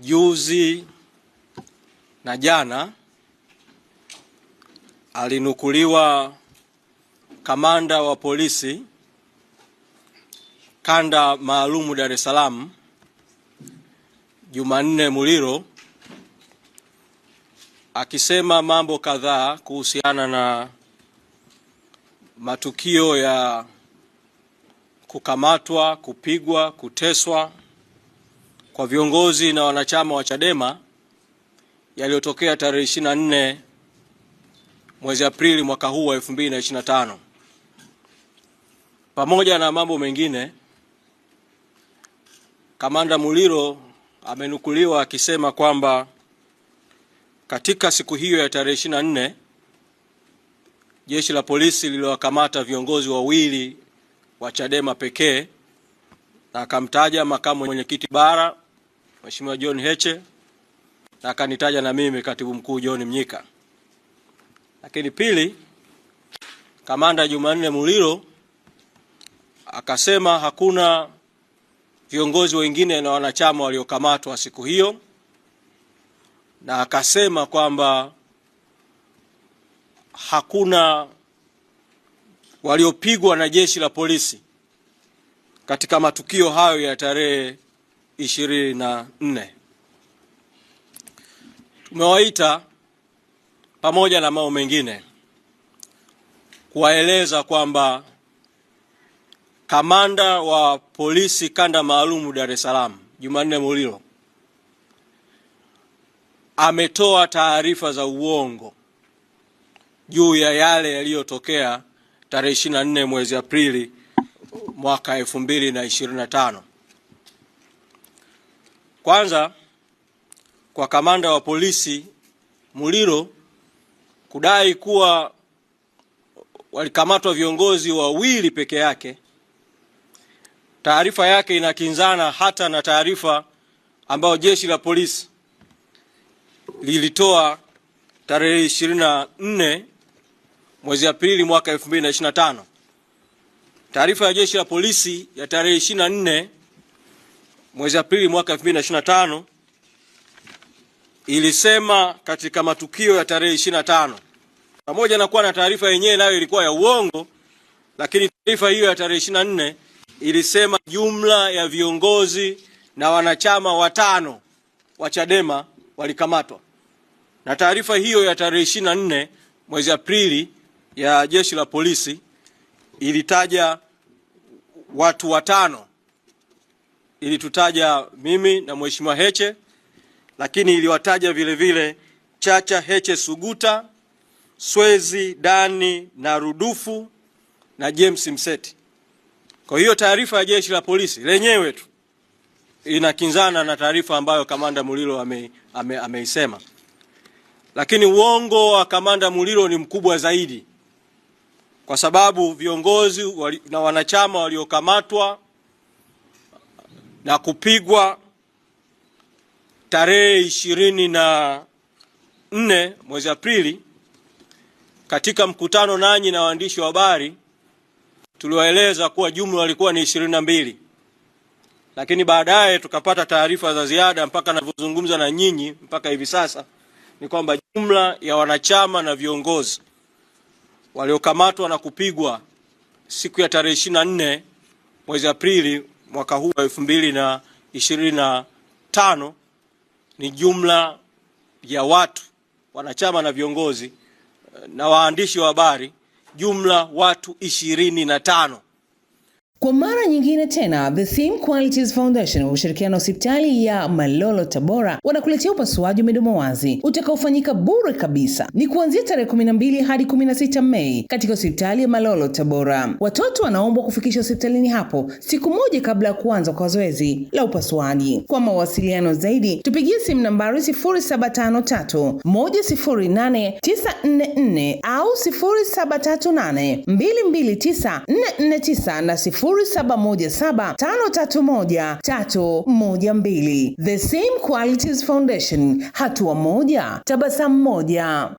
Juzi na jana alinukuliwa kamanda wa polisi kanda maalumu Dar es Salaam Jumanne Muliro akisema mambo kadhaa kuhusiana na matukio ya kukamatwa, kupigwa, kuteswa kwa viongozi na wanachama wa Chadema yaliyotokea tarehe 24 mwezi Aprili mwaka huu wa 2025. Pamoja na mambo mengine, Kamanda Muliro amenukuliwa akisema kwamba katika siku hiyo ya tarehe 24 jeshi la polisi liliwakamata viongozi wawili wa Chadema pekee na akamtaja makamu mwenyekiti bara Mheshimiwa John Heche na akanitaja na mimi Katibu Mkuu John Mnyika. Lakini pili, Kamanda Jumanne Mulilo akasema hakuna viongozi wengine na wanachama waliokamatwa siku hiyo, na akasema kwamba hakuna waliopigwa na jeshi la polisi katika matukio hayo ya tarehe ishirini na nne. Tumewaita pamoja na mambo mengine kuwaeleza kwamba kamanda wa polisi kanda maalum Dar es Salaam Jumanne Mulilo ametoa taarifa za uongo juu ya yale yaliyotokea tarehe 24 mwezi Aprili mwaka 2025. Kwanza kwa kamanda wa polisi Muliro kudai kuwa walikamatwa viongozi wawili peke yake. Taarifa yake inakinzana hata na taarifa ambayo jeshi la polisi lilitoa tarehe 24 mwezi Aprili mwaka 2025. Taarifa ya jeshi la polisi ya tarehe 24 mwezi Aprili mwaka 2025 ilisema katika matukio ya tarehe 25, pamoja na kuwa na taarifa yenyewe nayo ilikuwa ya uongo, lakini taarifa hiyo ya tarehe 24 ilisema jumla ya viongozi na wanachama watano wa Chadema walikamatwa, na taarifa hiyo ya tarehe 24 mwezi Aprili ya jeshi la polisi ilitaja watu watano ilitutaja mimi na Mheshimiwa Heche, lakini iliwataja vile vile Chacha Heche Suguta, Swezi Dani na Rudufu na James Mseti. Kwa hiyo taarifa ya jeshi la polisi lenyewe tu inakinzana na taarifa ambayo kamanda Mulilo ameisema ame, ame, lakini uongo wa kamanda Mulilo ni mkubwa zaidi, kwa sababu viongozi wali, na wanachama waliokamatwa na kupigwa tarehe ishirini na nne mwezi Aprili katika mkutano nanyi na waandishi wa habari tuliwaeleza kuwa jumla walikuwa ni ishirini na mbili, lakini baadaye tukapata taarifa za ziada mpaka navyozungumza na nyinyi mpaka hivi sasa ni kwamba jumla ya wanachama na viongozi waliokamatwa na kupigwa siku ya tarehe ishirini na nne mwezi Aprili mwaka huu wa elfu mbili na ishirini na tano ni jumla ya watu wanachama na viongozi eh, na waandishi wa habari jumla watu ishirini na tano. Kwa mara nyingine tena The Theme Qualities Foundation wa ushirikiano na hospitali ya Malolo Tabora wanakuletea upasuaji midomo wazi utakaofanyika bure kabisa. Ni kuanzia tarehe 12 hadi 16 Mei katika hospitali ya Malolo Tabora. Watoto wanaombwa kufikisha hospitalini hapo siku moja kabla ya kuanza kwa zoezi la upasuaji. Kwa mawasiliano zaidi, tupigie simu nambari 0753 108 au 0738 na 0 0717531312. The Same Qualities Foundation, hatua moja tabasamu moja.